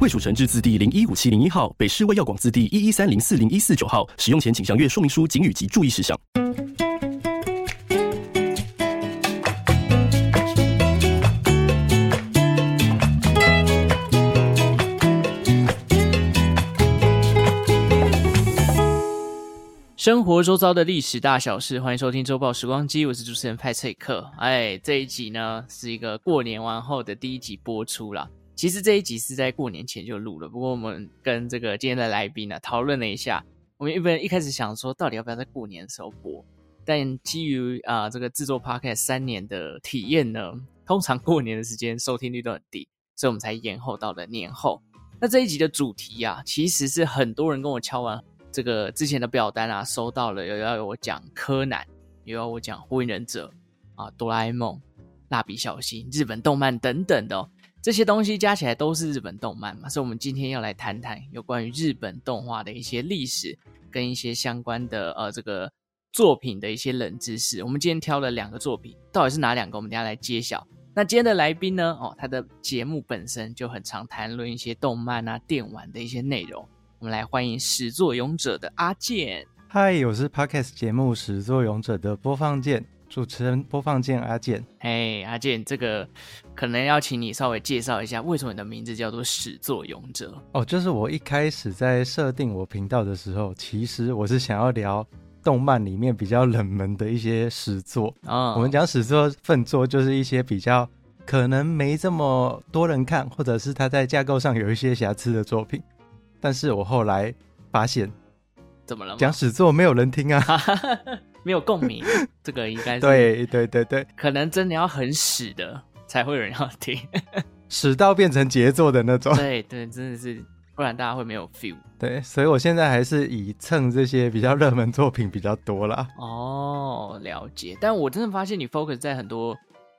衛署成製字第零一五七零一號，北市衛藥廣字第一一三零四零一四九號。使用前請詳閱說明書、警語及注意事項。生活周遭的歷史大小事，歡迎收聽《週報時光機》，我是主持人派翠克。哎，這一集呢，是一個過年完後的第一集播出啦。其實這一集是在過年前就錄了，不過我們跟這個今天的來賓呢、啊、討論了一下，我們原本一開始想說到底要不要在過年的時候播，但基於啊、呃、這個制作 podcast 三年的體驗呢，通常過年的時間收聽率都很低，所以我們才延後到了年後。那這一集的主題啊，其實是很多人跟我敲完這個之前的表單啊，收到了有要我講柯南，有要我講火影忍者啊、呃，哆啦 A 夢、蠟筆小新、日本動漫等等的、哦。這些東西加起來都是日本動漫嘛，所以我們今天要來談談有關於日本動畫的一些歷史跟一些相關的呃，這個作品的一些冷知識。我們今天挑了兩個作品，到底是哪兩個？我們等下來揭曉。那今天的來賓呢？哦，他的節目本身就很常談論一些動漫啊、電玩的一些內容。我們來歡迎屎作勇者的阿鍵。嗨，我是 Podcast 節目屎作勇者的播放鍵。主持人播放鍵阿健。哎，hey, 阿健，這個可能要請你稍微介紹一下，為什麼你的名字叫做屎作勇者？哦，oh, 就是我一開始在設定我頻道的時候，其實我是想要聊動漫裡面比較冷門的一些屎作啊。Oh. 我們講屎作、糞作，就是一些比較可能沒這麼多人看，或者是他在架構上有一些瑕疵的作品。但是我後來發現，怎麼了？講屎作沒有人聽啊。 沒有共鳴， 這個應該是，對對對對，可能真的要很屎的才會有人要聽， 屎到變成傑作的那種。對對，真的是，不然大家會沒有 feel。對，所以我現在還是以蹭這些比較熱門作品比較多了。哦，了解。但我真的發現你 focus 在很多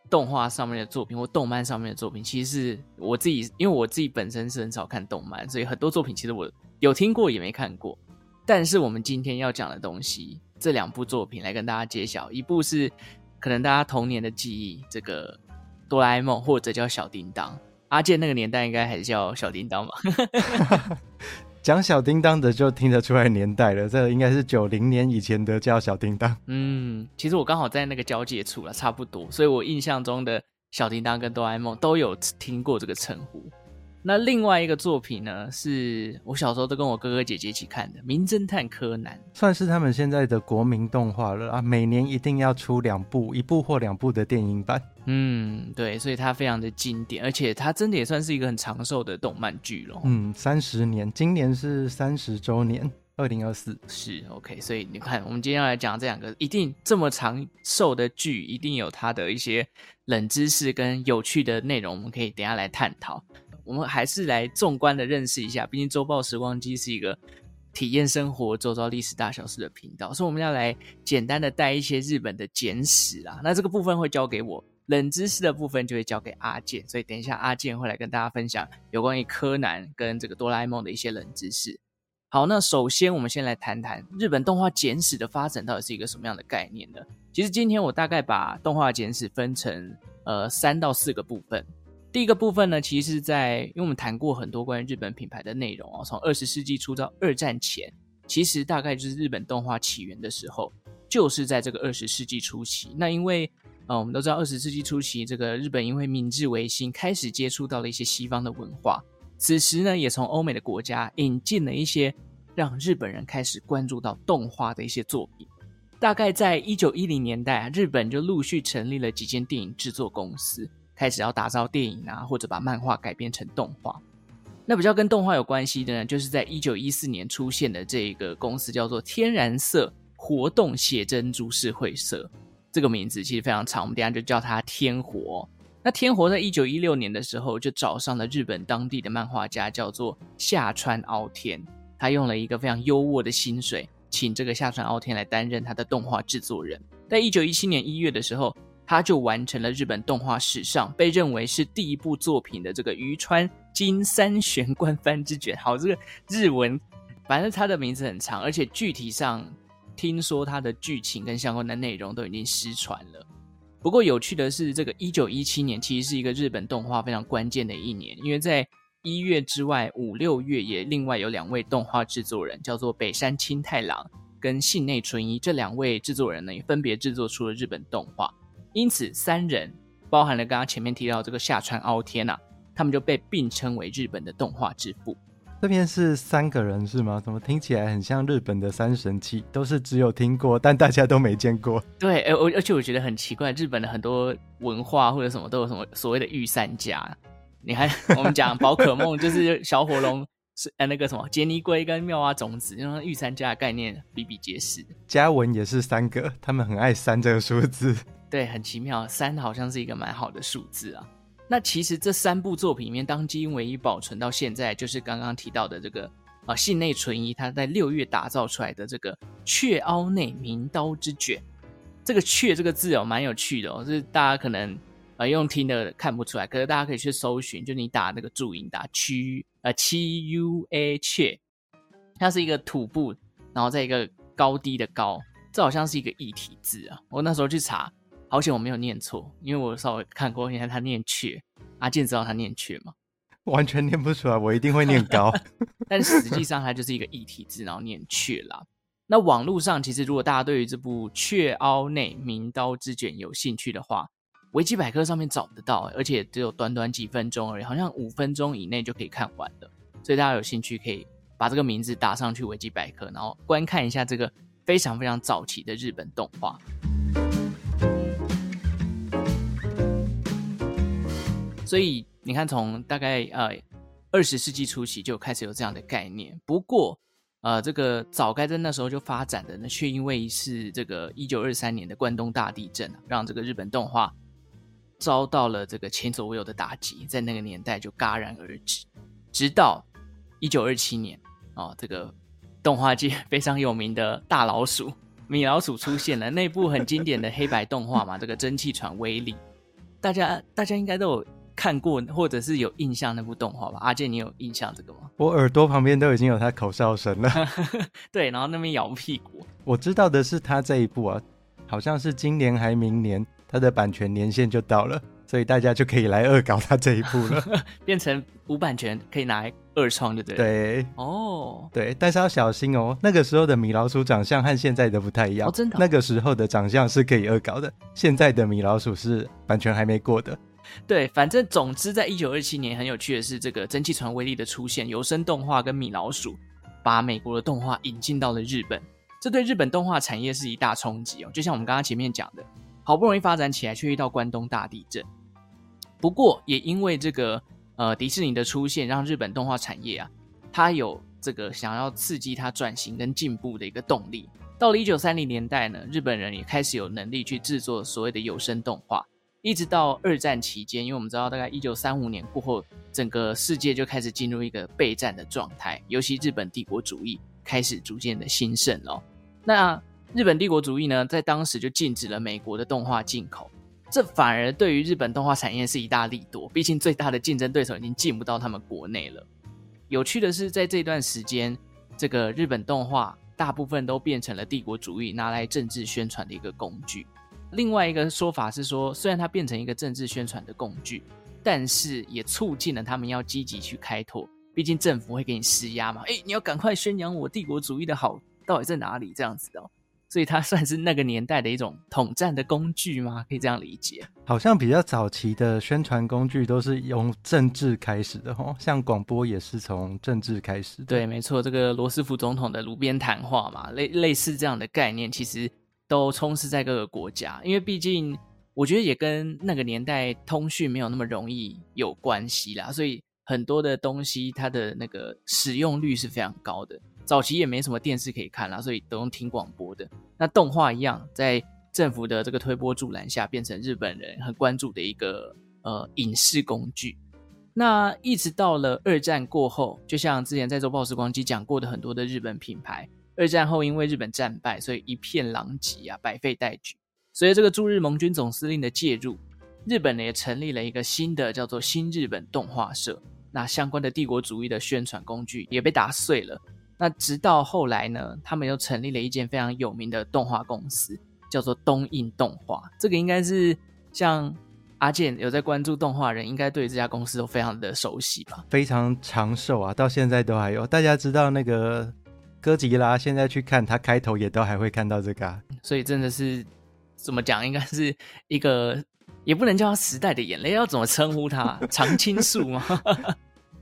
動畫上面的作品或動漫上面的作品，其實是我自己，因為我自己本身是很少看動漫，所以很多作品其實我有聽過也沒看過。但是我們今天要講的東西。這兩部作品來跟大家揭曉，一部是可能大家童年的記憶，這個哆啦 A 夢或者叫小叮當，阿、啊、健那個年代應該還是叫小叮當吧。 講小叮當的就聽得出來年代了，這個、應該是九零年以前的叫小叮當。嗯，其實我剛好在那個交界處了，差不多，所以我印象中的小叮當跟哆啦 A 夢都有聽過這個稱呼。那另外一個作品呢，是我小時候都跟我哥哥姐姐一起看的《名偵探柯南》，算是他們現在的國民動畫了啊，每年一定要出兩部，一部或兩部的電影版。嗯，對，所以它非常的經典，而且它真的也算是一個很長壽的動漫劇了。嗯，三十年，今年是三十週年，二零二四。是，OK，所以你看，我們今天要來講這兩個一定這麼長壽的劇，一定有它的一些冷知識跟有趣的內容，我們可以等一下來探討。我們還是來縱觀的認識一下，畢竟《週報時光機》是一個體驗生活、周遭歷史大小事的頻道，所以我們要來簡單的帶一些日本的簡史啦。那這個部分會交給我，冷知識的部分就會交給阿鍵，所以等一下阿鍵會來跟大家分享有關於柯南跟這個哆啦 A 夢的一些冷知識。好，那首先我們先來談談日本動畫簡史的發展到底是一個什麼樣的概念呢？其實今天我大概把動畫簡史分成呃三到四個部分。第一個部分呢，其實是在，因為我們談過很多關於日本品牌的內容哦，從二十世紀初到二戰前，其實大概就是日本動畫起源的時候，就是在這個二十世紀初期。那因為呃，我們都知道二十世紀初期，這個日本因為明治維新開始接觸到了一些西方的文化，此時呢，也從歐美的國家引進了一些讓日本人開始關注到動畫的一些作品。大概在一九一零年代，日本就陸續成立了幾間電影制作公司。開始要打造電影啊，或者把漫畫改編成動畫。那比較跟動畫有關係的呢，就是在一九一四年出現的這一個公司叫做“天然色活動寫真株式會社”。這個名字其實非常長，我們等下就叫它“天活”。那天活在一九一六年的時候，就找上了日本當地的漫畫家叫做下川凹天。他用了一個非常優渥的薪水，請這個下川凹天來擔任他的動畫製作人。在一九一七年一月的時候，他就完成了日本動畫史上被認為是第一部作品的這個《漁川金三玄關番之卷》。好，這個日文，反正他的名字很長，而且具體上，聽說他的劇情跟相關的內容都已經失傳了。不過有趣的是，這個一九一七年其實是一個日本動畫非常關鍵的一年，因為在一月之外，五六月也另外有兩位動畫製作人，叫做北山清太郎跟信內純一。這兩位製作人呢，也分別製作出了日本動畫。因此，三人包含了剛剛前面提到的這個下川凹天吶、啊，他們就被並稱為日本的動畫之父。這邊是三個人是嗎？怎麼聽起來很像日本的三神器？都是只有聽過，但大家都沒見過。對，而而且我覺得很奇怪，日本的很多文化或者什麼都有什麼所謂的御三家。你看， 我們講寶可夢就是小火龍是 呃，那個什麼傑尼龜跟妙蛙種子，因、那、為、個、御三家的概念比比皆是。嘉文也是三個，他們很愛三這個數字。對，很奇妙，三好像是一個蠻好的數字啊。那其實這三部作品裡面，當今唯一保存到現在，就是剛剛提到的這個啊，幸內純一他在六月打造出來的這個《雀凹內名刀之卷》。這個“雀”這個字哦，蠻有趣的哦，就是大家可能呃用聽的看不出來，可是大家可以去搜尋，就你打那個注音打“曲，呃七 u a 雀”，它是一個土部，然後再一個高低的“高”，這好像是一個異體字啊，我那時候去查，好險我沒有念錯，因為我稍微看過一下，現在他念雀。阿健知道他念雀嗎？完全念不出來，我一定會念高。 但實際上它就是一個異體字，然後念雀啦。 那網絡上其實如果大家對於這部《雀凹內名刀之卷》有興趣的話，維基百科上面找得到，欸，而且只有短短幾分鐘而已，好像五分鐘以內就可以看完了。所以大家有興趣可以把這個名字打上去維基百科，然後觀看一下這個非常非常早期的日本動畫。所以你看，從大概呃二十世紀初期就開始有這樣的概念。不過，呃，這個早該在那時候就發展的呢，那卻因為是這個一九二三年的關東大地震，讓這個日本動畫遭到了這個前所未有的打擊，在那個年代就戛然而止。直到一九二七年啊，呃，這個動畫界非常有名的大老鼠米老鼠出現了，那部很經典的黑白動畫嘛， 這個蒸汽船威力，大家大家應該都有看過或者是有印象那部動畫吧？阿健，你有印象這個嗎？我耳朵旁邊都已經有他口哨聲了。 對，然後那邊咬屁股。我知道的是他這一部啊，好像是今年還明年他的版權年限就到了，所以大家就可以來惡搞他這一部了， 變成無版權可以拿來二創，對不對？對，哦，對，但是要小心哦。那個時候的米老鼠長相和現在的不太一樣。哦，真的？那個時候的長相是可以惡搞的，現在的米老鼠是版權還沒過的。對，反正總之，在一九二七年，很有趣的是，這個蒸汽船威力的出現，有聲動畫跟米老鼠，把美國的動畫引進到了日本，這對日本動畫產業是一大衝擊哦。就像我們剛剛前面講的，好不容易發展起來，卻遇到關東大地震。不過，也因為這個呃迪士尼的出現，讓日本動畫產業啊，它有這個想要刺激它轉型跟進步的一個動力。到了一九三零年代呢，日本人也開始有能力去制作所謂的有聲動畫。一直到二戰期間，因為我們知道，大概一九三五年過後，整個世界就開始進入一個備戰的狀態，尤其日本帝國主義開始逐漸的興盛哦。那日本帝國主義呢，在當時就禁止了美國的動畫進口，這反而對於日本動畫產業是一大利多，畢竟最大的競爭對手已經進不到他們國內了。有趣的是，在這段時間，這個日本動畫大部分都變成了帝國主義拿來政治宣傳的一個工具。另外一個說法是說，雖然它變成一個政治宣傳的工具，但是也促進了他們要積極去開拓。畢竟政府會給你施壓嘛，哎，你要趕快宣揚我帝國主義的好到底在哪裡這樣子的哦。所以它算是那個年代的一種統戰的工具嗎？可以這樣理解。好像比較早期的宣傳工具都是用政治開始的哦，像廣播也是從政治開始的。對，沒錯，這個羅斯福總統的爐邊談話嘛，類類似這樣的概念，其實。都充斥在各個國家，因為畢竟我覺得也跟那個年代通訊沒有那麼容易有關係啦，所以很多的東西它的那個使用率是非常高的。早期也沒什麼電視可以看啦，所以都用聽廣播的。那動畫一樣，在政府的這個推波助瀾下，變成日本人很關注的一個呃影視工具。那一直到了二戰過後，就像之前在做《週報時光機》講過的很多的日本品牌。二戰後，因為日本戰敗，所以一片狼藉啊，百廢待舉。所以這個駐日盟軍總司令的介入，日本呢也成立了一個新的叫做“新日本動畫社”。那相關的帝國主義的宣傳工具也被打碎了。那直到後來呢，他們又成立了一間非常有名的動畫公司，叫做東映動畫。這個應該是像阿鍵有在關注動畫人，應該對這家公司都非常的熟悉吧？非常長壽啊，到現在都還有。大家知道那個。哥吉拉現在去看，他開頭也都還會看到這個、啊，所以真的是怎麼講，應該是一個也不能叫他時代的眼淚，要怎麼稱呼他？常 青樹嗎？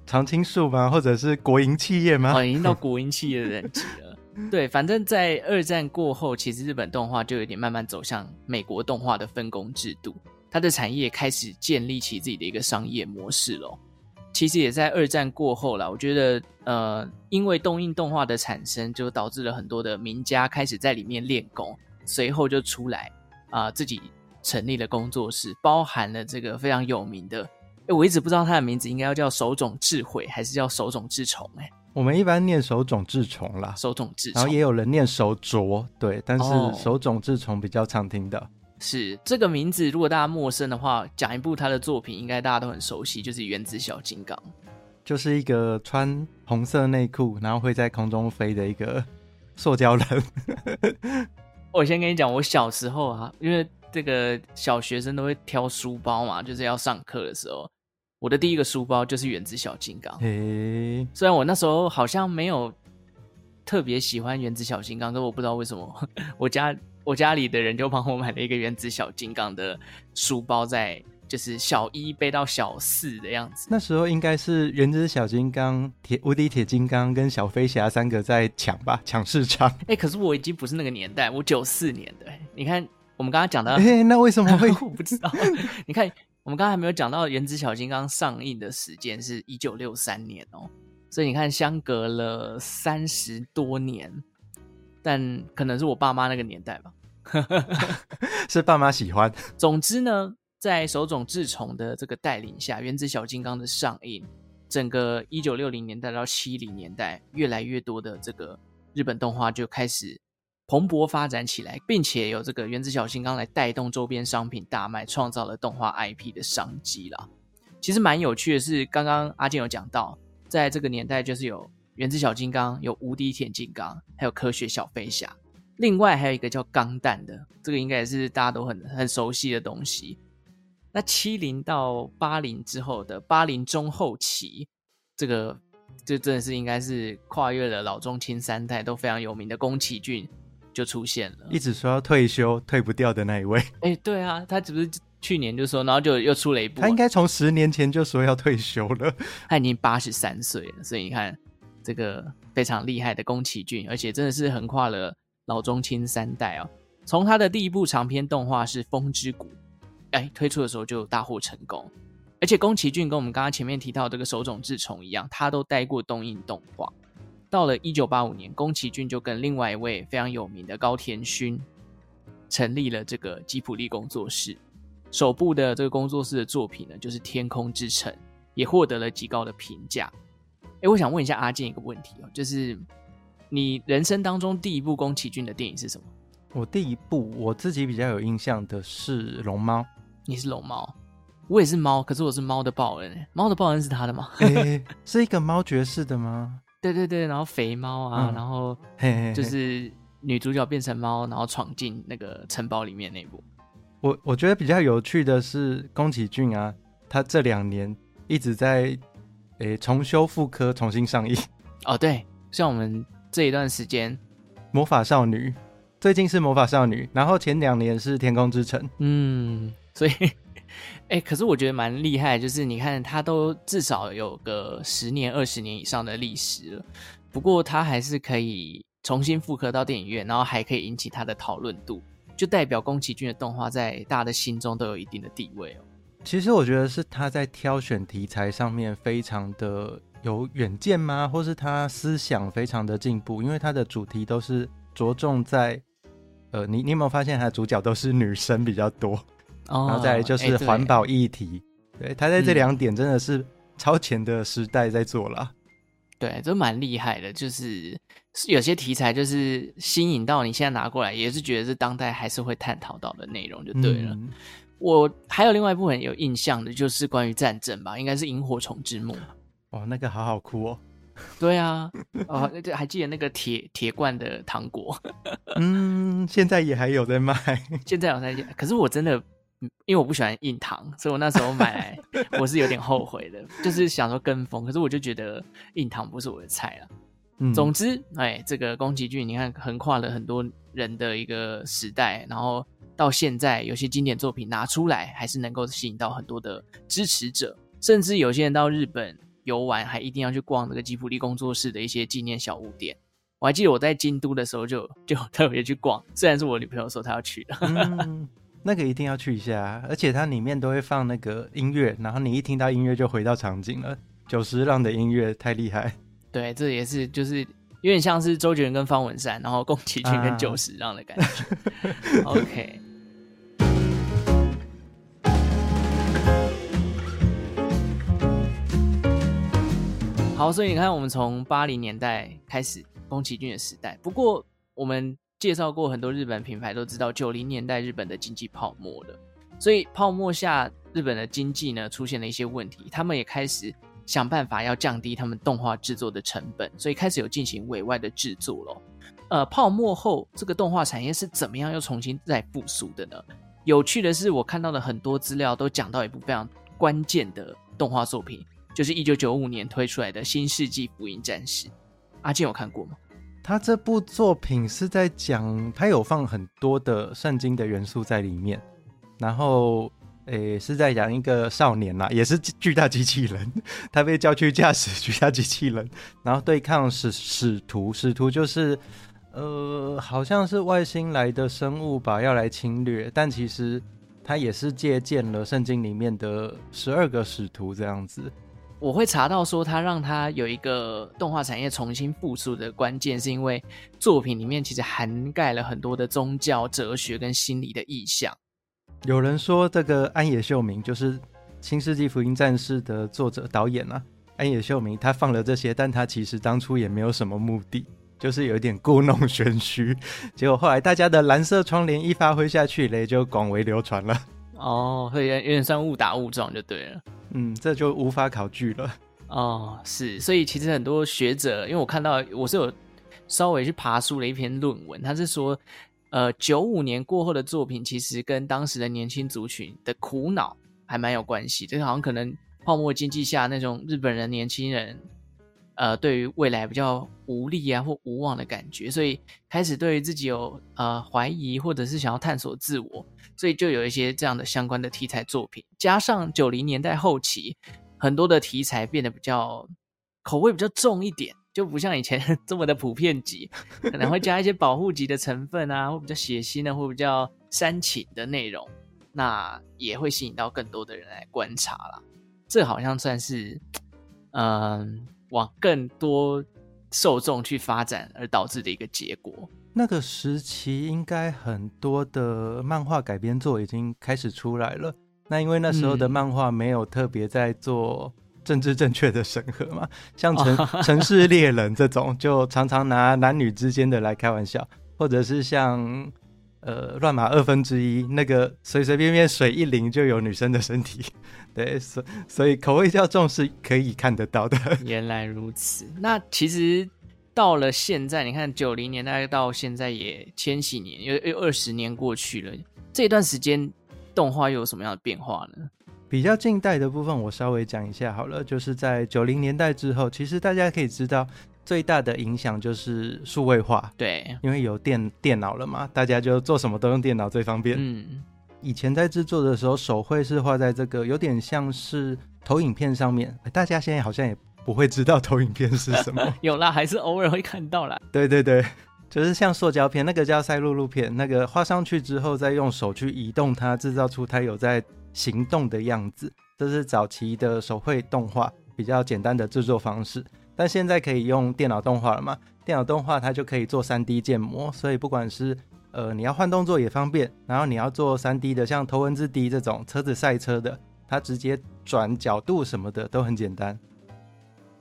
常 青樹嗎？或者是國營企業嗎？已經到國營企業等級了。 對，反正在二戰過後，其實日本動畫就有點慢慢走向美國動畫的分工制度，它的產業開始建立起自己的一個商業模式咯。其實也在二戰過後啦，我覺得，呃，因為東映動畫的產生，就導致了很多的名家開始在裡面練功，隨後就出來啊、呃，自己成立了工作室，包含了這個非常有名的，我一直不知道他的名字，應該要叫手塚治慧還是叫手塚治蟲、欸？哎，我們一般念手塚治蟲啦，手塚治蟲，然後也有人念手塚，對，但是手塚治蟲比較常聽的。哦是，這個名字，如果大家陌生的話，講一部他的作品，應該大家都很熟悉，就是《原子小金剛》，就是一個穿紅色內褲，然後會在空中飛的一個塑膠人。 我先跟你講，我小時候啊，因為這個小學生都會挑書包嘛，就是要上課的時候，我的第一個書包就是《原子小金剛》欸。誒，雖然我那時候好像沒有特別喜歡《原子小金剛》，但我不知道為什麼我家。我家裡的人就幫我買了一個原子小金剛的書包，在就是小一背到小四的樣子。那時候應該是原子小金剛、鐵無敵鐵金剛跟小飛俠三個在搶吧，搶市場。哎、欸，可是我已經不是那個年代，我九四年的、欸。你看我們剛剛講到哎，那為什麼會我不知道？ 你看我們剛剛還沒有講到原子小金剛上映的時間是一九六三年哦、喔，所以你看相隔了三十多年，但可能是我爸媽那個年代吧。 是爸媽喜歡。總之呢，在手塚治蟲的這個帶領下，《原子小金剛》的上映，整個1960年代到70年代，越來越多的這個日本動畫就開始蓬勃發展起來，並且有這個《原子小金剛》來帶動周邊商品大賣，創造了動畫 IP 的商機啦。其實蠻有趣的是，剛剛阿健有講到，在這個年代就是有《原子小金剛》、有《無敵鐵金剛》、還有《科學小飛俠》。另外還有一個叫《鋼彈》的，這個應該也是大家都很很熟悉的東西。那七零到八零之後的八零中後期，這個這真的是應該是跨越了老中青三代都非常有名的宮崎駿就出現了。一直說要退休，退不掉的那一位。哎、欸，對啊，他是不是去年就說，然後就又出了一部、啊？他應該從十年前就說要退休了。他已經八十三歲了，所以你看這個非常厲害的宮崎駿，而且真的是橫跨了。老中青三代哦，從他的第一部長篇動畫是《風之谷》，哎，推出的時候就大獲成功。而且宮崎駿跟我們剛剛前面提到的這個手塚治蟲一樣，他都待過東映動畫。到了一九八五年，宮崎駿就跟另外一位非常有名的高田勳，成立了這個吉卜力工作室。首部的這個工作室的作品呢，就是《天空之城》，也獲得了極高的評價。哎，我想問一下阿健一個問題哦，就是。你人生當中第一部宮崎駿的電影是什麼？我第一部我自己比較有印象的是《龍貓》。你是龍貓，我也是貓，可是我是貓的報恩，貓的報恩是他的嗎？欸欸欸，是一個貓爵士的嗎？ 對對對，然後肥貓啊，嗯、然後就是女主角變成貓，然後闖進那個城堡裡面那一部。我我覺得比較有趣的是宮崎駿啊，他這兩年一直在誒、欸、重修復刻重新上映。 哦，對，像我們。這一段時間，《魔法少女》最近是《魔法少女》，然後前兩年是《天空之城》。嗯，所以，哎，可是我覺得蠻厲害，就是你看，它都至少有個十年、二十年以上的歷史了，不過它還是可以重新復刻到電影院，然後還可以引起它的討論度，就代表宮崎駿的動畫在大家的心中都有一定的地位哦。其實我覺得是他在挑選題材上面非常的有遠見嗎？或是他思想非常的進步，因為他的主題都是着重在，呃，你你有沒有發現他的主角都是女生比較多？哦、然後再來就是環保議題，欸、對，對他在這兩點真的是超前的時代在做了，嗯，對，都蠻厲害的。就是，是有些題材就是吸引到你現在拿過來，也是覺得是當代還是會探討到的內容，就對了。嗯，我還有另外一部分有印象的，就是關於戰爭吧，應該是《螢火蟲之墓》。哦，那個好好哭哦，對啊，哦，還記得那個鐵鐵罐的糖果， 嗯，現在也還有在賣， 現在有在賣，可是我真的，因為我不喜歡硬糖，所以我那時候買來 我是有點後悔的，就是想說跟風，可是我就覺得硬糖不是我的菜了。嗯、總之，哎、欸，這個宮崎駿，你看橫跨了很多人的一個時代，然後到現在有些經典作品拿出來，還是能夠吸引到很多的支持者，甚至有些人到日本。遊玩還一定要去逛那個吉卜力工作室的一些紀念小物店。我還記得我在京都的時候就就特別去逛，雖然是我女朋友說她要去、 嗯，那個一定要去一下。而且它裡面都會放那個音樂，然後你一聽到音樂就回到場景了。久石讓的音樂太厲害，對，這也是就是有點像是周杰倫跟方文山，然後宮崎駿跟久石讓的感覺。啊、 OK。好，所以你看，我們從八零年代開始，宮崎駿的時代。不過，我們介紹過很多日本品牌，都知道九零年代日本的經濟泡沫了。所以，泡沫下日本的經濟呢，出現了一些問題，他們也開始想辦法要降低他們動畫制作的成本，所以開始有進行委外的制作了哦。呃，泡沫後，這個動畫產業是怎麼樣又重新再復甦的呢？有趣的是，我看到的很多資料都講到一部非常關鍵的動畫作品。就是一九九五年推出來的《新世紀福音戰士》啊，阿鍵有看過嗎？他這部作品是在講，他有放很多的聖經的元素在裡面，然後，誒、欸，是在講一個少年啦，也是巨大機器人，他被叫去駕駛巨大機器人，然後對抗使使徒，使徒就是，呃，好像是外星來的生物吧，要來侵略，但其實他也是借鑒了聖經裡面的十二個使徒這樣子。我會查到說，他讓他有一個動畫產業重新復甦的關鍵，是因為作品裡面其實涵蓋了很多的宗教、哲學跟心理的意象。有人說，這個庵野秀明就是《新世紀福音戰士》的作者導演啊。庵野秀明他放了這些，但他其實當初也沒有什麼目的，就是有點故弄玄虛。結果後來大家的藍色窗簾一發揮下去嘞，嘞就廣為流傳了。哦，所以有點算誤打誤撞就對了。嗯，這就無法考據了。哦，是，所以其實很多學者，因為我看到我是有稍微去爬梳了一篇論文，他是說，呃，九五年過後的作品其實跟當時的年輕族群的苦惱還蠻有關係，就是好像可能泡沫經濟下那種日本人年輕人。呃，對於未來比較無力啊，或無望的感覺，所以開始對於自己有呃懷疑，或者是想要探索自我，所以就有一些這樣的相關的題材作品。加上九零年代後期，很多的題材變得比較口味比較重一點，就不像以前這麼的普遍級，可能會加一些保護級的成分啊， 或比較血腥的，或比較煽情的內容，那也會吸引到更多的人來觀察啦。這好像算是嗯。呃往更多受眾去發展而導致的一個結果。那個時期應該很多的漫畫改編作已經開始出來了。那因為那時候的漫畫沒有特別在做政治正確的審核嘛，嗯、像《城城市獵人》這種 就常常拿男女之間的來開玩笑，或者是像呃《亂馬二分之一》那個隨隨便便水一淋就有女生的身體。對，所所以口味較重是可以看得到的。原來如此。那其實到了現在，你看九零年代到現在也千禧年，有有二十年過去了，這段時間動畫又有什麼樣的變化呢？比較近代的部分，我稍微講一下好了。就是在九零年代之後，其實大家可以知道，最大的影響就是數位化。對，因為有電電腦了嘛，大家就做什麼都用電腦最方便。嗯。以前在製作的時候，手繪是畫在這個有點像是投影片上面。大家現在好像也不會知道投影片是什麼，有啦，還是偶爾會看到啦。對對對，就是像塑膠片，那個叫賽璐璐片，那個畫上去之後，再用手去移動它，製造出它有在行動的樣子。這是早期的手繪動畫，比較簡單的製作方式，但現在可以用電腦動畫了嘛，電腦動畫它就可以做 3D 建模，所以不管是呃，你要換動作也方便，然後你要做三 D 的，像頭文字 D 這種車子賽車的，它直接轉角度什麼的都很簡單。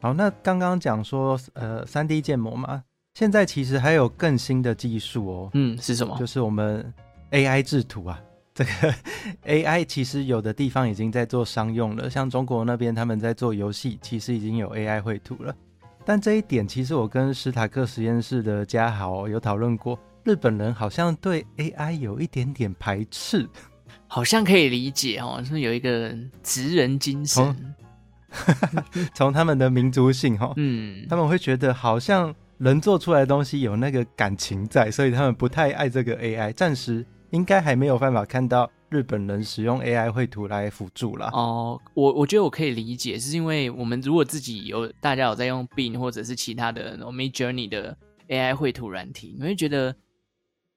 好，那剛剛講說呃三 D 建模嘛，現在其實還有更新的技術哦。嗯，是什麼？就是我們 AI 制圖啊。這個 AI 其實有的地方已經在做商用了，像中國那邊他們在做遊戲，其實已經有 AI 繪圖了。但這一點其實我跟史塔克實驗室的嘉豪有討論過。日本人好像對 A I 有一點點排斥，好像可以理解哦，喔，是有一個職人精神，從從 他們的民族性哈，喔，嗯，他們會覺得好像人做出來的東西有那個感情在，所以他們不太愛這個 A I。暫時應該還沒有辦法看到日本人使用 A I 繪圖來輔助啦。哦，呃，我我覺得我可以理解，是因為我們如果自己有大家有在用 Bing 或者是其他的 Midjourney 的 A I 繪圖軟體，你會覺得。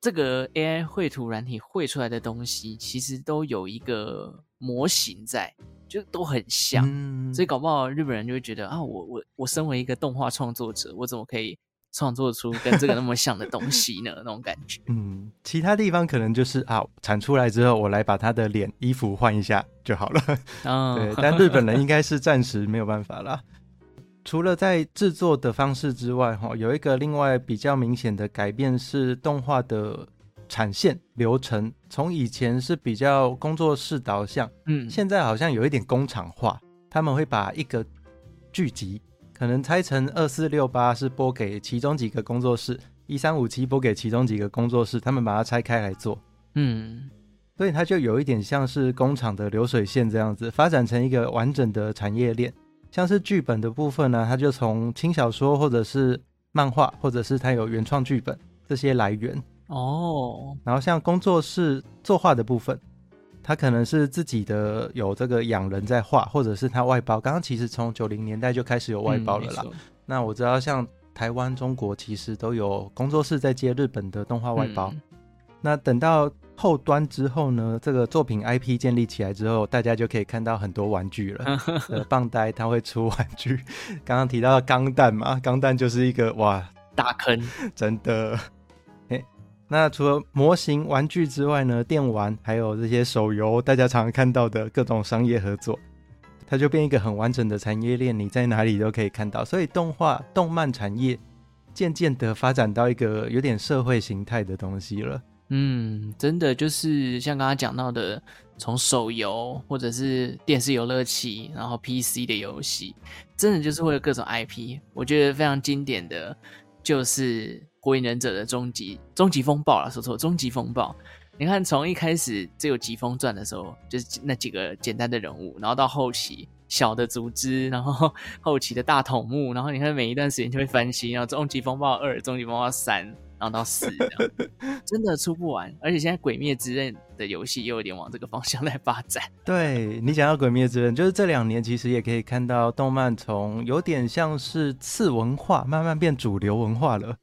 這個 AI 繪圖軟體繪出來的東西，其實都有一個模型在，就都很像。嗯、所以搞不好日本人就會覺得啊，我我我身為一個動畫創作者，我怎麼可以創作出跟這個那麼像的東西呢？ 那種感覺。嗯，其他地方可能就是啊，產出來之後，我來把他的臉、衣服換一下就好了。啊、嗯， 對。但日本人應該是暫時沒有辦法啦。除了在製作的方式之外，有一個另外比較明顯的改變是動畫的產線流程。從以前是比較工作室導向，嗯，現在好像有一點工廠化。他們會把一個劇集可能拆成二四六八是撥給其中幾個工作室，一三五七撥給其中幾個工作室，他們把它拆開來做，嗯，所以它就有一點像是工廠的流水線這樣子，發展成一個完整的產業鏈。像是劇本的部分呢，它就從輕小說或者是漫畫，或者是它有原創劇本這些來源哦。然後像工作室作畫的部分，它可能是自己的有這個養人在畫，或者是它外包。剛剛其實從九零年代就開始有外包了啦。嗯、那我知道，像台灣、中國其實都有工作室在接日本的動畫外包。嗯。那等到後端之後呢，這個作品 IP 建立起來之後，大家就可以看到很多玩具了。 呃，棒呆，它會出玩具。剛剛提到的鋼彈嘛，鋼彈就是一個哇大坑，真的。哎，那除了模型玩具之外呢，電玩還有這些手遊，大家常看到的各種商業合作，它就變一個很完整的產業鏈，你在哪裡都可以看到。所以動畫、動漫產業漸漸地發展到一個有點社會形態的東西了。嗯，真的就是像剛剛講到的，從手遊或者是電視遊樂器，然後 PC 的遊戲，真的就是會有各種 IP。我覺得非常經典的，就是《火影忍者的終極終極風暴》了，說錯，《終極風暴啦》說說終極風暴。你看從一開始只有疾風傳的時候，就是那幾個簡單的人物，然後到後期小的組織，然後後期的大筒木，然後你看每一段時間就會翻新，然後《終極風暴二》《終極風暴三》。然後到死，真的出不完，而且現在《鬼滅之刃》的遊戲又有點往這個方向來發展 對。對你講到《鬼滅之刃》，就是這兩年其實也可以看到動漫從有點像是次文化慢慢變主流文化了，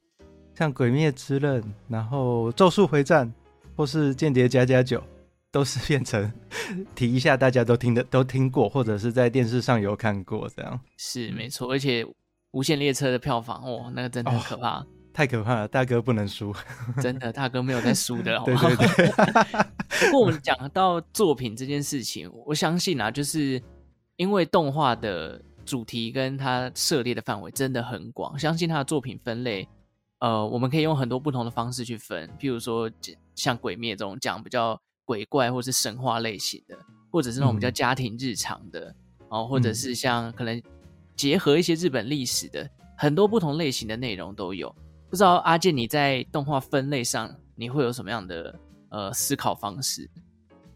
像《鬼滅之刃》，然後《咒術迴戰》或是《間諜加加九》，都是變成 提一下大家都聽的都聽過，或者是在電視上有看過這樣。是沒錯，而且《無限列車》的票房哇、哦，那個真的很可怕。哦太可怕了，大哥不能輸， 真的，大哥沒有在輸的、哦，好嗎 對對？不 過我們講到作品這件事情，我相信啊，就是因為動畫的主題跟它涉獵的範圍真的很廣，相信它的作品分類，呃，我們可以用很多不同的方式去分，譬如說像《鬼滅》這種講比較鬼怪或是神話類型的，或者是那種我們叫家庭日常的，嗯、哦，或者是像可能結合一些日本歷史的，嗯、很多不同類型的內容都有。不知道阿健，你在動畫分類上你會有什麼樣的呃思考方式？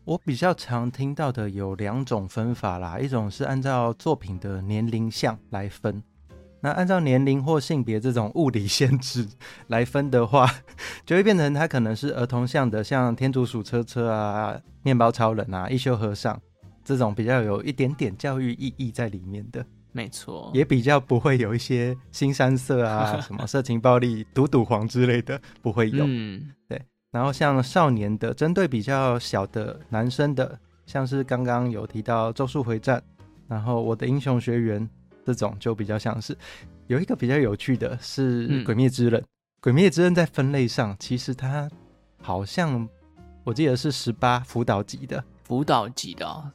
我比較常聽到的有兩種分法啦，一種是按照作品的年齡向來分，那按照年齡或性別這種物理限制來分的話，就會變成它可能是兒童向的，像《天竺鼠車車》啊，《麵包超人》啊，《一休和尚》這種比較有一點點教育意義在裡面的。沒錯，也比較不會有一些腥羶色啊， 什麼色情暴力、賭賭黃之類的，不會有。嗯，對。然後像少年的，針對比較小的男生的，像是剛剛有提到《咒術回戰》，然後《我的英雄學院》這種，就比較像是有一個比較有趣的是《鬼滅之刃》。嗯。《鬼滅之刃》在分類上，其實它好像我記得是十八輔導級的，輔導級的、哦。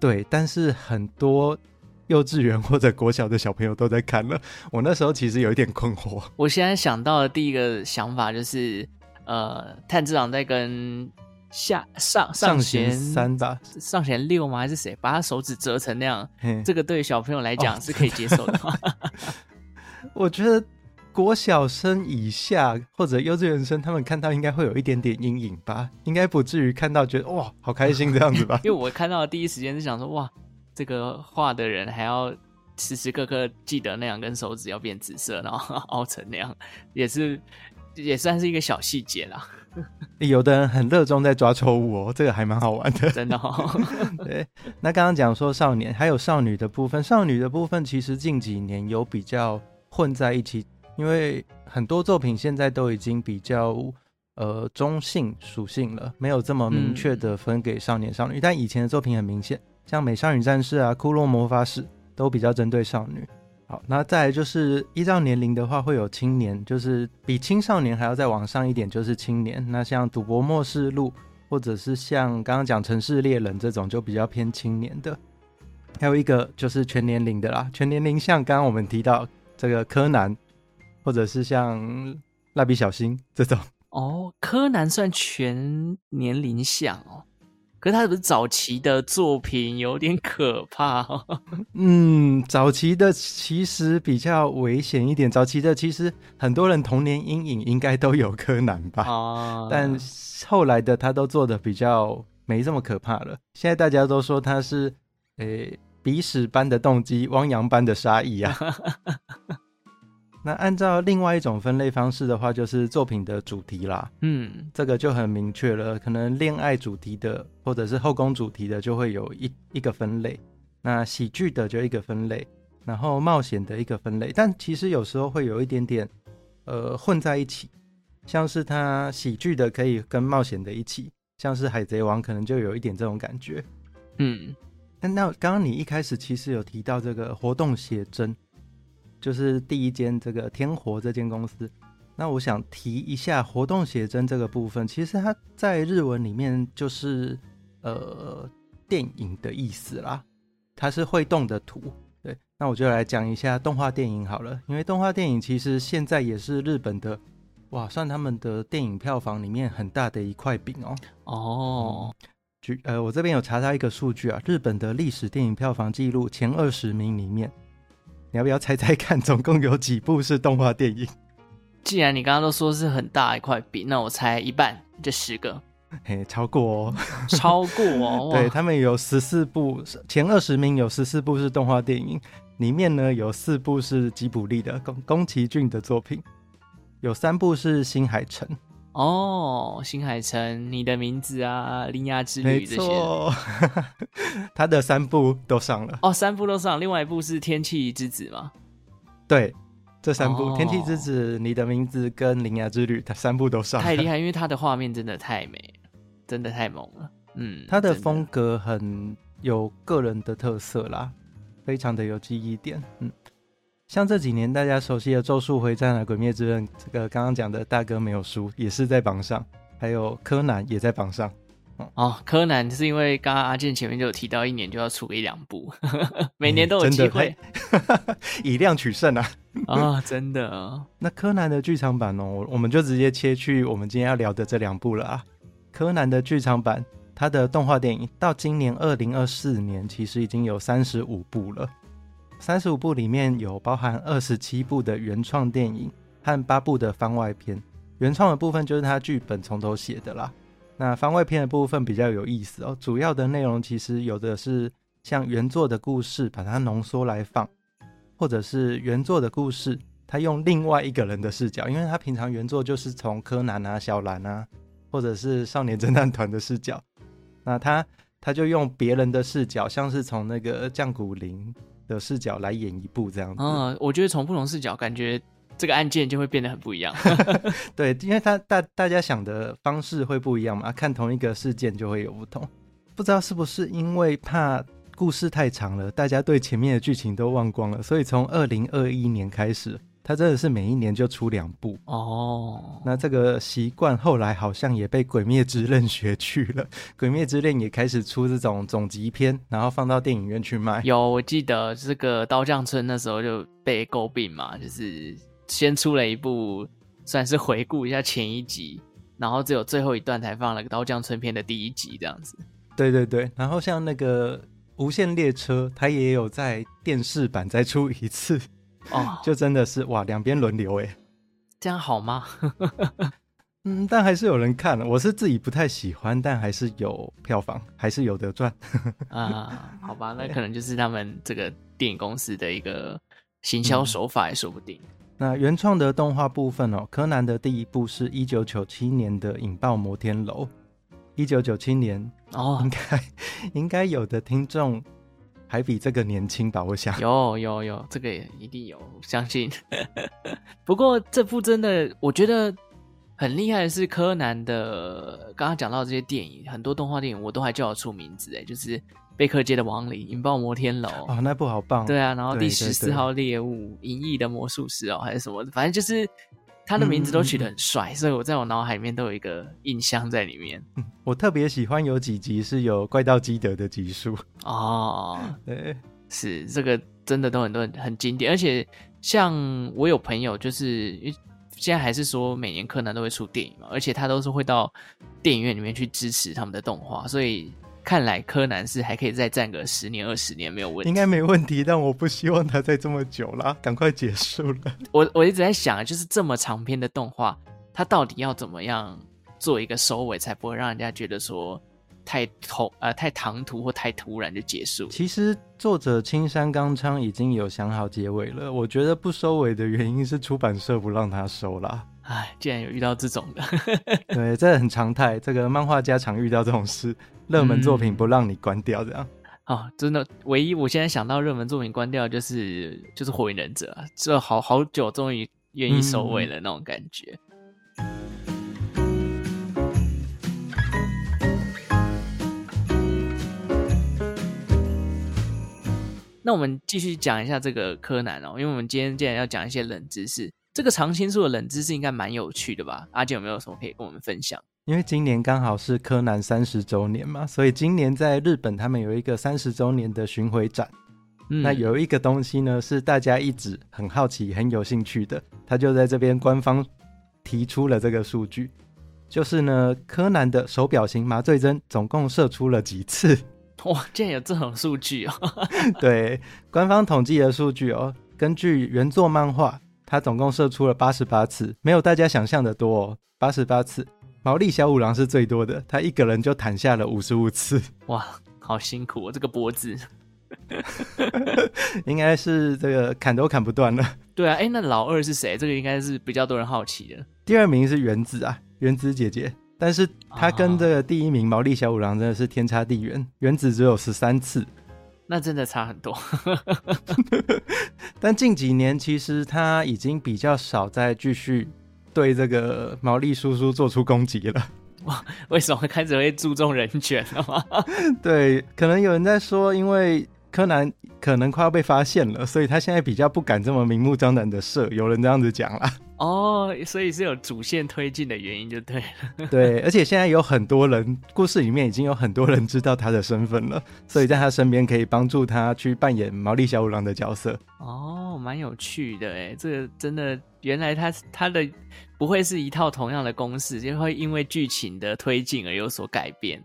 對，但是很多。幼稚園或者國小的小朋友都在看了，我那時候其實有一點困惑。我現在想到的第一個想法就是，呃，炭治郎在跟下上上弦三吧，上弦六嗎？還是誰？把他手指折成那樣，嘿這個對於小朋友來講是可以接受的嗎？哦、 我覺得國小生以下或者幼稚園生，他們看到應該會有一點點陰影吧，應該不至於看到覺得哇好開心這樣子吧。 因為我看到的第一時間是想說哇。這個畫的人還要時時刻刻記得那兩根手指要變紫色，然後凹成那樣，也是也算是一個小細節啦。有的人很熱衷在抓錯誤哦，這個還蠻好玩的。真的哈、哦。 對，那剛剛講說少年還有少女的部分，少女的部分其實近幾年有比較混在一起，因為很多作品現在都已經比較呃中性屬性了，沒有這麼明確的分給少年少女，嗯、但以前的作品很明顯。像美少女戰士啊，庫洛魔法使都比較針對少女。好，那再來就是依照年齡的話，會有青年，就是比青少年還要再往上一點，就是青年。那像賭博末世錄，或者是像剛剛講城市獵人這種，就比較偏青年的。還有一個就是全年齡的啦，全年齡像剛剛我們提到這個柯南，或者是像蠟筆小新這種。哦，柯南算全年齡向哦。可是他是不是早期的作品有點可怕？哦，嗯，早期的其實比較危險一點，早期的其實很多人童年陰影應該都有柯南吧，啊、但後來的他都做的比較沒這麼可怕了，現在大家都說他是誒、欸、鼻屎般的動機，汪洋般的殺意啊。 那按照另外一種分類方式的話，就是作品的主題啦。嗯，這個就很明確了，可能戀愛主題的，或者是後宮主題的，就會有一一個分類。那喜劇的就一個分類，然後冒險的一個分類。但其實有時候會有一點點，呃，混在一起，像是他喜劇的可以跟冒險的一起，像是《海賊王》可能就有一點這種感覺。嗯，那那剛剛你一開始其實有提到這個活動寫真。就是第一間這個天活這間公司，那我想提一下活動寫真這個部分，其實它在日文裡面就是呃電影的意思啦，它是會動的圖。對，那我就來講一下動畫電影好了，因為動畫電影其實現在也是日本的，哇，算他們的電影票房裡面很大的一塊餅哦。哦、oh. 嗯，舉呃，我這邊有查到一個數據啊，日本的歷史電影票房紀錄前二十名裡面。你要不要猜猜看，總共有幾部是動畫電影？既然你剛剛都說是很大一塊餅，那我猜一半，這十個，嘿，超過哦，超過哦， 對，他們有十四部，前二十名有十四部是動畫電影，裡面呢，有四部是吉卜力的宮宮崎駿的作品，有三部是新海誠。哦，新海誠，你的名字啊，《鈴芽之旅》這些呵呵，他的三部都上了。哦，三部都上，另外一部是《天氣之子》嗎？對，這三部，哦《天氣之子》、你的名字跟《鈴芽之旅》，他三部都上了。太厲害，因為他的畫面真的太美，真的太猛了。嗯，他的風格很有個人的特色啦，非常的有記憶點。嗯。像這幾年大家熟悉的《咒術迴戰》和《鬼滅之刃》，這個剛剛講的大哥沒有輸，也是在榜上。還有柯南也在榜上。嗯、哦，柯南是因為剛剛阿健前面就有提到，一年就要出一兩部呵呵，每年都有機會、欸呵呵，以量取勝啊！啊、哦，真的啊。 那柯南的劇場版呢、哦？我我們就直接切去我們今天要聊的這兩部了啊。柯南的劇場版，它的動畫電影到今年二零二四年，其實已經有三十五部了。三十五部裡面有包含二十七部的原創電影和八部的番外篇。原創的部分就是他劇本從頭寫的啦。那番外篇的部分比較有意思哦。主要的內容其實有的是像原作的故事，把它濃縮來放，或者是原作的故事，他用另外一個人的視角，因為他平常原作就是從柯南啊、小蘭啊，或者是少年偵探團的視角，那他他就用別人的視角，像是從那個降谷零的視角來演一部這樣子，嗯，我覺得從不同視角，感覺這個案件就會變得很不一樣。 對，因為他大大家想的方式會不一樣嘛，看同一個事件就會有不同。不知道是不是因為怕故事太長了，大家對前面的劇情都忘光了，所以從二零二一年開始。他真的是每一年就出兩部哦，那這個習慣後來好像也被《鬼滅之刃》學去了，《鬼滅之刃》也開始出這種總集篇，然後放到電影院去賣。有，我記得這個《刀匠村》那時候就被詬病嘛，就是先出了一部，算是回顧一下前一集，然後只有最後一段才放了《刀匠村》篇的第一集這樣子。對對對，然後像那個《無限列車》，它也有在電視版再出一次。哦，就真的是哇，兩邊輪流哎，這樣好嗎？ 嗯，但還是有人看，我是自己不太喜歡，但還是有票房，還是有得賺 啊。好吧，那可能就是他們這個電影公司的一個行銷手法、嗯、也說不定。那原創的動畫部分哦，柯南的第一部是一九九七年的《引爆摩天樓》1997，一九九七年哦，應該應該有的聽眾。還比這個年輕吧？我想。有有有，這個也一定有，相信。 不過這部真的我覺得很厲害的是柯南的。剛剛講到這些電影，很多動畫電影我都還叫得出名字哎，就是《貝克街的亡靈》、《引爆摩天樓》啊，哦，那部好棒。對啊，然後第十四號獵物、對對對，《銀翼的魔術師》喔，哦，還是什麼，反正就是。他的名字都取得很帥，嗯、所以我在我腦海裡面都有一個印象在裡面。我特別喜歡有幾集是有怪盜基德的集數哦，對是這個真的都很多很經典，而且像我有朋友就是現在還是說每年柯南都會出電影嘛，而且他都是會到電影院裡面去支持他們的動畫，所以。看來柯南是還可以再站個十年二十年沒有問題，應該沒問題，但我不希望他再這麼久了，趕快結束了。我我一直在想啊，就是這麼長篇的動畫，它到底要怎麼樣做一個收尾，才不會讓人家覺得說太頭呃太唐突或太突然就結束？其實作者青山剛昌已經有想好結尾了，我覺得不收尾的原因是出版社不讓他收啦。哎，竟然有遇到這種的， 對，這很常態，這個漫畫家常遇到這種事。熱門作品不讓你關掉，這樣啊、嗯哦，真的，唯一我現在想到熱門作品關掉就是就是就是火影忍者啊，這好好久終於願意收尾了那種感覺。嗯、那我們繼續講一下這個柯南哦，因為我們今天既然要講一些冷知識，這個長青樹的冷知識應該蠻有趣的吧？阿鍵有沒有什麼可以跟我們分享？因為今年剛好是柯南三十周年嘛，所以今年在日本他們有一個三十周年的巡迴展。嗯、那有一個東西呢，是大家一直很好奇、很有興趣的，他就在這邊官方提出了這個數據，就是呢，柯南的手表型麻醉針總共射出了幾次？哇，竟然有這種數據哦！ 對，官方統計的數據哦，根據原作漫畫，它總共射出了八十八次，沒有大家想象的多、哦，八十八次。毛利小五郎是最多的，他一個人就砍下了五十五次。哇，好辛苦哦，這個脖子， 應該是這個砍都砍不斷了。對啊，哎、欸，那老二是誰？這個應該是比較多人好奇的。第二名是原子啊，原子姐姐，但是她跟這個第一名毛利小五郎真的是天差地遠，原子只有十三次，那真的差很多。 但近幾年其實他已經比較少再繼續對這個毛利叔叔做出攻擊了哇，為什麼開始會注重人權了嗎？ 對，可能有人在說，因為。柯南可能快要被發現了，所以他現在比較不敢這麼明目張膽的射。有人這樣子講啦，哦，oh, 所以是有主線推進的原因就對了。 對，而且現在有很多人，故事裡面已經有很多人知道他的身份了，所以在他身邊可以幫助他去扮演毛利小五郎的角色。哦，蠻有趣的，哎，這個真的原來他他的不會是一套同樣的公式，就會因為劇情的推進而有所改變。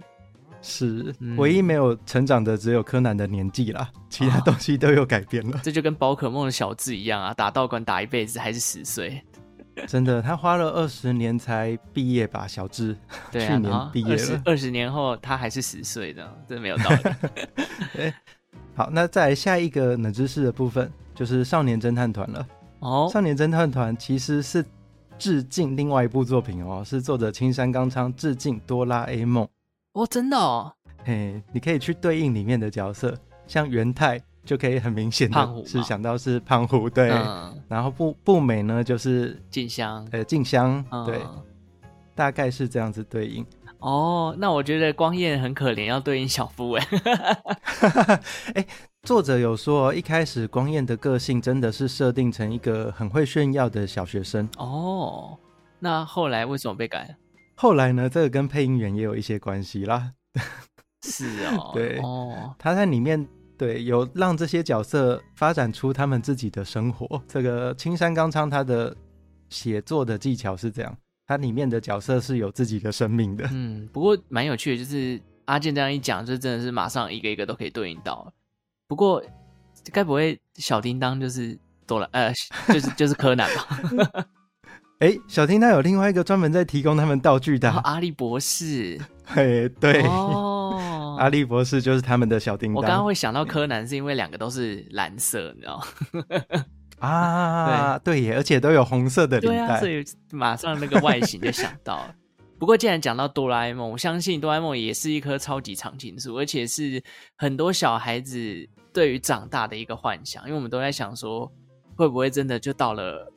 是、嗯、唯一沒有成長的，只有柯南的年紀啦，其他東西都有改變了。啊、這就跟寶可夢的小智一樣啊，打道館打一輩子還是十歲。 真的，他花了二十年才畢業吧？小智，對、啊、去年畢業了。二十年後他還是十歲的，這沒有道理。 欸、好，那再來下一個冷知識的部分，就是少年偵探團了。哦，少年偵探團其實是致敬另外一部作品哦，是作者青山剛昌致敬哆啦 A 夢。哦，真的哦，嘿，你可以去對應裡面的角色，像元太就可以很明顯的是想到是胖虎，對，嗯、然後步步美呢就是靜香，鄉呃，靜香、嗯、對，大概是這樣子對應。哦，那我覺得光彥很可憐，要對應小夫哎。哎、 欸，作者有說一開始光彥的個性真的是設定成一個很會炫耀的小學生哦，那後來為什麼被改了？後來呢，這個跟配音員也有一些關係啦。是哦 對，哦，他在裡面對，有讓這些角色發展出他們自己的生活。這個青山剛昌，他的寫作的技巧是這樣，他裡面的角色是有自己的生命的。嗯，不過蠻有趣的，就是阿健這樣一講，就真的是馬上一個一個都可以對應到。不過，該不會小叮噹就是多了，呃，就是就是柯南吧。 哎，小丁他有另外一個專門在提供他們道具的，啊哦，阿力博士。 嘿，對哦，阿力博士就是他們的小叮噹。我剛剛會想到柯南，是因為兩個都是藍色，你知道嗎？ 啊，對、對而且都有紅色的領帶，對啊，所以馬上那個外形就想到了。 不過，既然講到哆啦 A 夢，我相信哆啦 A 夢也是一棵超級長青樹，而且是很多小孩子對於長大的一個幻想，因為我們都在想說，會不會真的就到了。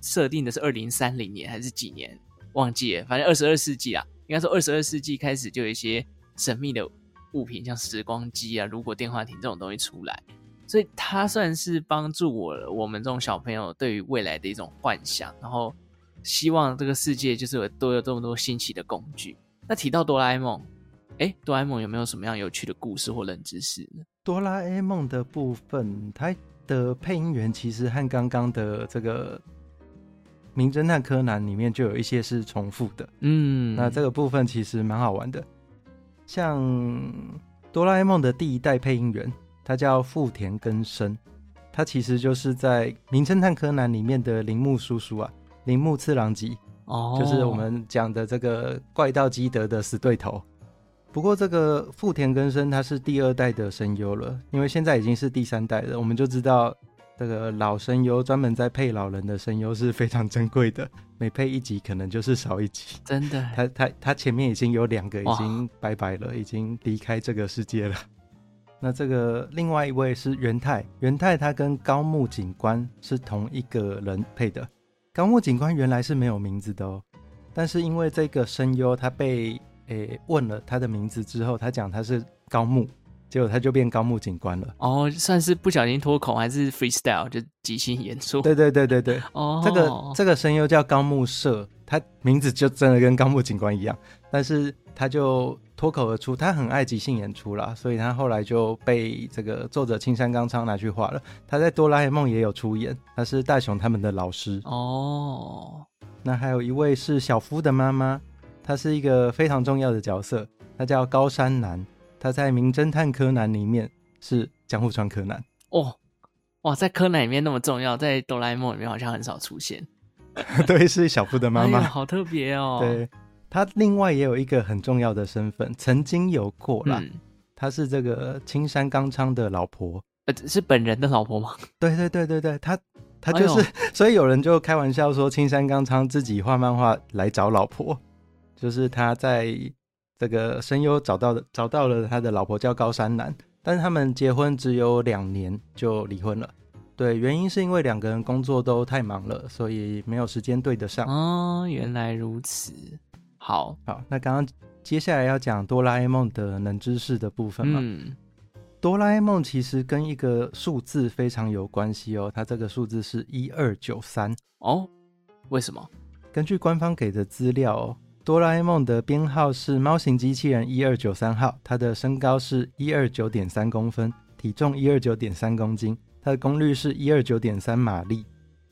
設定的是二零三零年還是幾年？忘記了，反正二十二世紀啊，應該說二十二世紀開始就有一些神秘的物品，像時光機啊、如果電話亭這種東西出來，所以它算是幫助我了我們這種小朋友對於未來的一種幻想。然後希望這個世界就是有都有這麼多新奇的工具。那提到哆啦 A 夢，哎、欸，哆啦 A 夢有沒有什麼樣有趣的故事或冷知識呢？哆啦 A 夢的部分，它的配音員其實和剛剛的這個。名偵探柯南裡面就有一些是重複的，嗯，那這個部分其實蠻好玩的。像哆啦 A 夢的第一代配音員，他叫富田耕生，他其實就是在名偵探柯南裡面的鈴木叔叔啊，鈴木次郎吉，哦，就是我們講的這個怪盜基德的死對頭。不過這個富田耕生他是第二代的聲優了，因為現在已經是第三代了，我們就知道。這個老聲優專門在配老人的聲優是非常珍貴的，每配一集可能就是少一集。真的，他他他前面已經有兩個已經拜拜了，哇已經離開這個世界了。那這個另外一位是元太，元太他跟高木警官是同一個人配的。高木警官原來是沒有名字的哦，但是因為這個聲優他被誒問了他的名字之後，他講他是高木。結果他就變高木警官了哦，oh, 算是不小心脫口還是 freestyle 就即興演出。對對對對對，哦、oh，這個，這個這個聲優叫高木涉，他名字就真的跟高木警官一樣，但是他就脫口而出，他很愛即興演出啦，所以他後來就被這個作者青山剛昌拿去畫了。他在哆啦 A 夢也有出演，他是大雄他們的老師哦。Oh，那還有一位是小夫的媽媽，他是一個非常重要的角色，他叫高山南。他在《名偵探柯南》裡面是江戶川柯南哦，哇，在柯南裡面那麼重要，在《哆啦 A 夢》裡面好像很少出現。 對，是小夫的媽媽，哎，好特別哦。對他，另外也有一個很重要的身份，曾經有過了，嗯、他是這個青山剛昌的老婆，呃，是本人的老婆嗎？對，對，對，對，對，他，他就是，哎、呦所以有人就開玩笑說，青山剛昌自己畫漫畫來找老婆，就是他在。這個聲優找到了，找到了他的老婆叫高山南，但是他們結婚只有兩年就離婚了。對，原因是因為兩個人工作都太忙了，所以沒有時間對得上。哦，原來如此。好好，那剛剛接下來要講哆啦 A 夢的冷知識的部分嘛。嗯，哆啦 A 夢其實跟一個數字非常有關係哦，它這個數字是一二九三。哦，為什麼？根據官方給的資料哦，哆啦 A 夢的編號是貓型機器人一二九三號，它的身高是一二九點三公分，體重一二九點三公斤，它的功率是一二九點三馬力。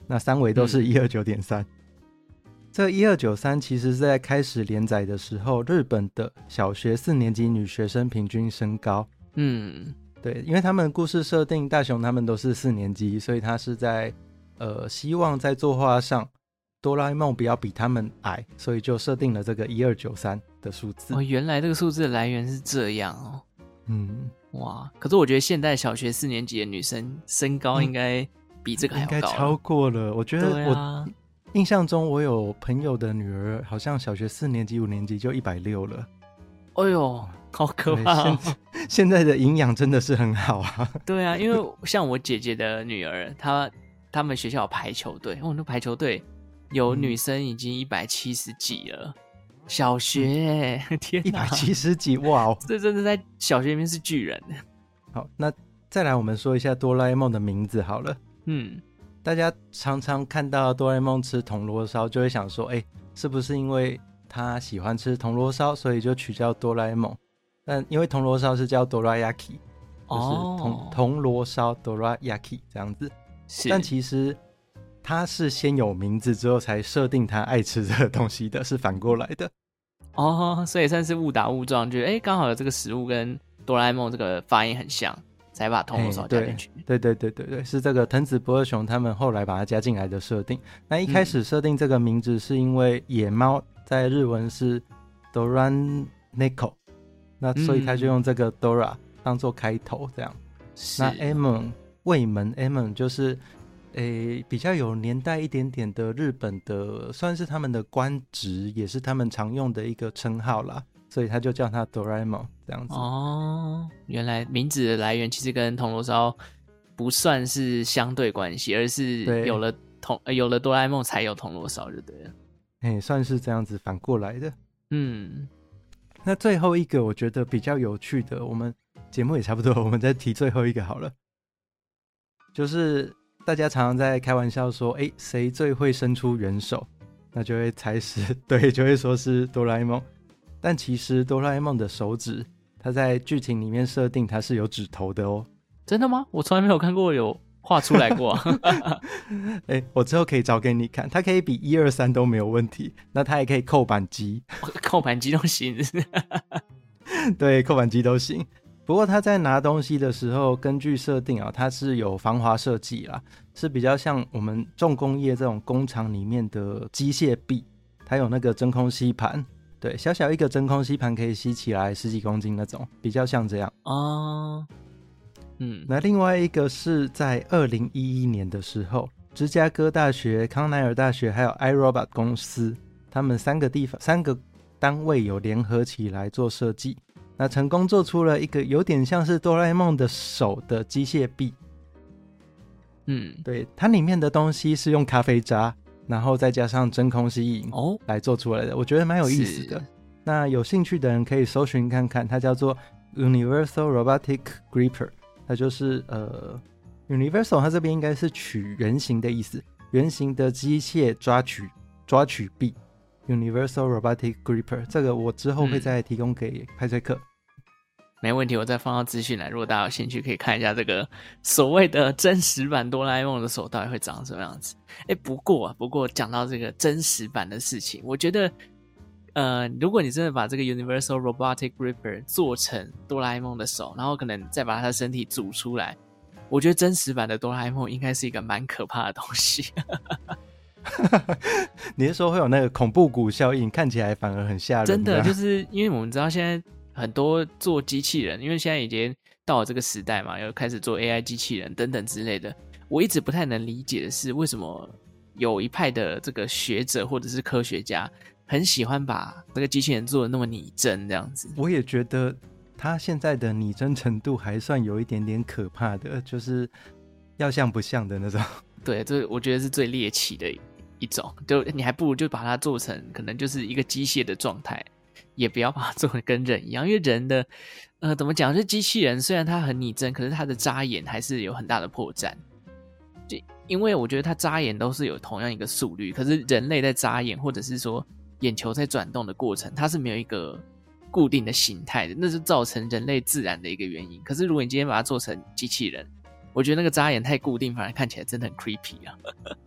那三圍都是一二九點三。嗯。這一二九三其實是在開始連載的時候，日本的小學四年級女學生平均身高。嗯，對，因為他們的故事設定大雄他們都是四年級，所以他是在呃希望在作畫上。哆啦 A 夢不要比他們矮，所以就設定了這個一二九三的數字。哦，原來這個數字的來源是這樣哦。嗯，哇！可是我覺得現在小學四年級的女生身高應該比這個還要高，應該超過了。我覺得我、啊、印象中我有朋友的女兒，好像小學四年級、五年級就一百六了。哎呦，好可怕、哦現！現在的營養真的是很好啊。對啊，因為像我姐姐的女兒，她她們學校有排球隊，我、哦、那排球隊。有女生已經一百七十幾了，嗯、小學、嗯、天一百七十幾哇！Wow、這真的在小學裡面是巨人。好，那再來我們說一下哆啦 A 夢的名字好了。嗯，大家常常看到哆啦 A 夢吃銅鑼燒，就會想說，哎、欸，是不是因為他喜歡吃銅鑼燒，所以就取叫哆啦 A 夢？但因為銅鑼燒是叫哆啦 Yaki，就是銅銅鑼燒哆啦 Yaki 這樣子。是但其實。他是先有名字之後才設定他愛吃這個東西的，是反過來的。哦，oh, 所以算是誤打誤撞，覺得哎、欸、剛好有這個食物跟哆啦 A 夢這個發音很像，才把通靈獸加進去。欸對。對對對，是這個藤子不二雄他們後來把它加進來的設定。那一開始設定這個名字是因為野貓、嗯、在日文是 Dora Neko，n 那所以他就用這個 Dora 當做開頭，這樣。嗯、那 m o n 衛門 m o n 就是，誒、欸，比較有年代一點點的日本的，算是他們的官職，也是他們常用的一個稱號啦。所以他就叫他哆啦 A 夢這樣子。哦，原來名字的來源其實跟銅鑼燒不算是相對關係，而是有了銅，有了哆啦 A 夢才有銅鑼燒，就對了。誒，算是這樣子反過來的。嗯，那最後一個我覺得比較有趣的，我們節目也差不多，我們再提最後一個好了，就是。大家常常在開玩笑說：“哎、欸，誰最會伸出援手？那就會猜是，對，就會說是哆啦 A 夢。但其實哆啦 A 夢的手指，它在劇情裡面設定它是有指頭的哦。真的嗎？我從來沒有看過有畫出來過。哎、 欸，我之後可以找給你看，它可以比一二三都沒有問題。那它也可以扣扳機， 扣扳機都行。 對，扣扳機都行。”不過他在拿東西的時候，根據設定啊，它是有防滑設計啦，是比較像我們重工業這種工廠裡面的機械臂，它有那個真空吸盤，對，小小一個真空吸盤可以吸起來十幾公斤那種，比較像這樣啊。Uh, 嗯，那另外一個是在二零一一年的時候，芝加哥大學、康奈爾大學還有 iRobot 公司，他們三個地方三個單位有聯合起來做設計。那成功做出了一個有點像是哆啦 A 夢的手的機械臂，嗯，對，它裡面的東西是用咖啡渣，然後再加上真空吸引來做出來的，哦、我覺得蠻有意思的。是那有興趣的人可以搜尋看看，它叫做 Universal Robotic Gripper，它就是呃 Universal，它這邊應該是取圓形的意思，圓形的機械抓取抓取臂 Universal Robotic Gripper，這個我之後會再提供給派翠克。嗯沒問題，我再放到資訊欄。如果大家有興趣，可以看一下這個所謂的真實版哆啦 A 夢的手到底會長什麼樣子。哎，不過不過，講到這個真實版的事情，我覺得，呃，如果你真的把這個 Universal Robotic Ripper 做成哆啦 A 夢的手，然後可能再把它身體組出來，我覺得真實版的哆啦 A 夢應該是一個蠻可怕的東西。 你是說會有那個恐怖谷效應，看起來反而很嚇人啊？真的，就是因為我們知道現在。很多做機器人，因為現在已經到了這個時代嘛，又開始做 AI 機器人等等之類的。我一直不太能理解的是，為什麼有一派的這個學者或者是科學家，很喜歡把那個機器人做的那麼擬真這樣子。我也覺得他現在的擬真程度還算有一點點可怕的，就是要像不像的那種。對，這我覺得是最獵奇的一種，就你還不如就把它做成可能就是一個機械的狀態。也不要把它做的跟人一樣，因為人的，呃，怎麼講？這機器人雖然它很擬真，可是它的眨眼還是有很大的破綻。這，因為我覺得它眨眼都是有同樣一個速率，可是人類在眨眼或者是說眼球在轉動的過程，它是沒有一個固定的形態的，那是造成人類自然的一個原因。可是如果你今天把它做成機器人，我覺得那個眨眼太固定，反而看起來真的很 creepy 啊。呵呵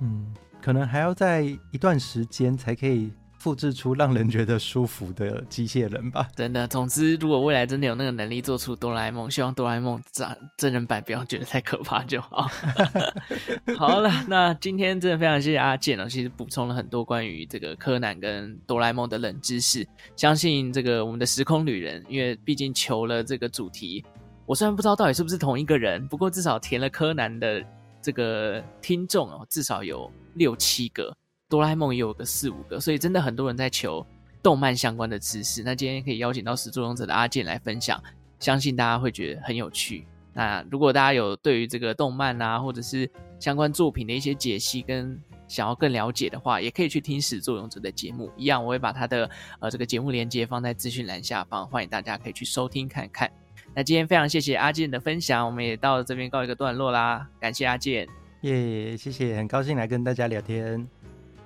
嗯，可能還要在一段時間才可以。複製出讓人覺得舒服的機械人吧。真的，總之，如果未來真的有那個能力做出哆啦 A 夢，希望哆啦 A 夢真真人版不要覺得太可怕就好。 好了，那今天真的非常謝謝阿健哦，其實補充了很多關於這個柯南跟哆啦 A 夢的冷知識。相信這個我們的時空旅人，因為畢竟求了這個主題，我雖然不知道到底是不是同一個人，不過至少填了柯南的這個聽眾哦，至少有六七個。哆啦 A 夢也有個四五個，所以真的很多人在求動漫相關的知識。那今天可以邀請到屎作勇者的阿鍵來分享，相信大家會覺得很有趣。那如果大家有對於這個動漫啊，或者是相關作品的一些解析，跟想要更了解的話，也可以去聽屎作勇者的節目。一樣，我會把他的呃這個節目鏈接放在資訊欄下方，歡迎大家可以去收聽看看。那今天非常謝謝阿鍵的分享，我們也到這邊告一個段落啦。感謝阿鍵，耶，yeah, 謝謝，很高興來跟大家聊天。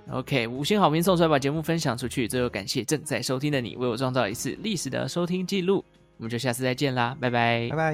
OK，五星好評送出來，把節目分享出去，最後感謝正在收聽的你，為我創造一次歷史的收聽記錄。我們就下次再見啦，拜拜，拜拜。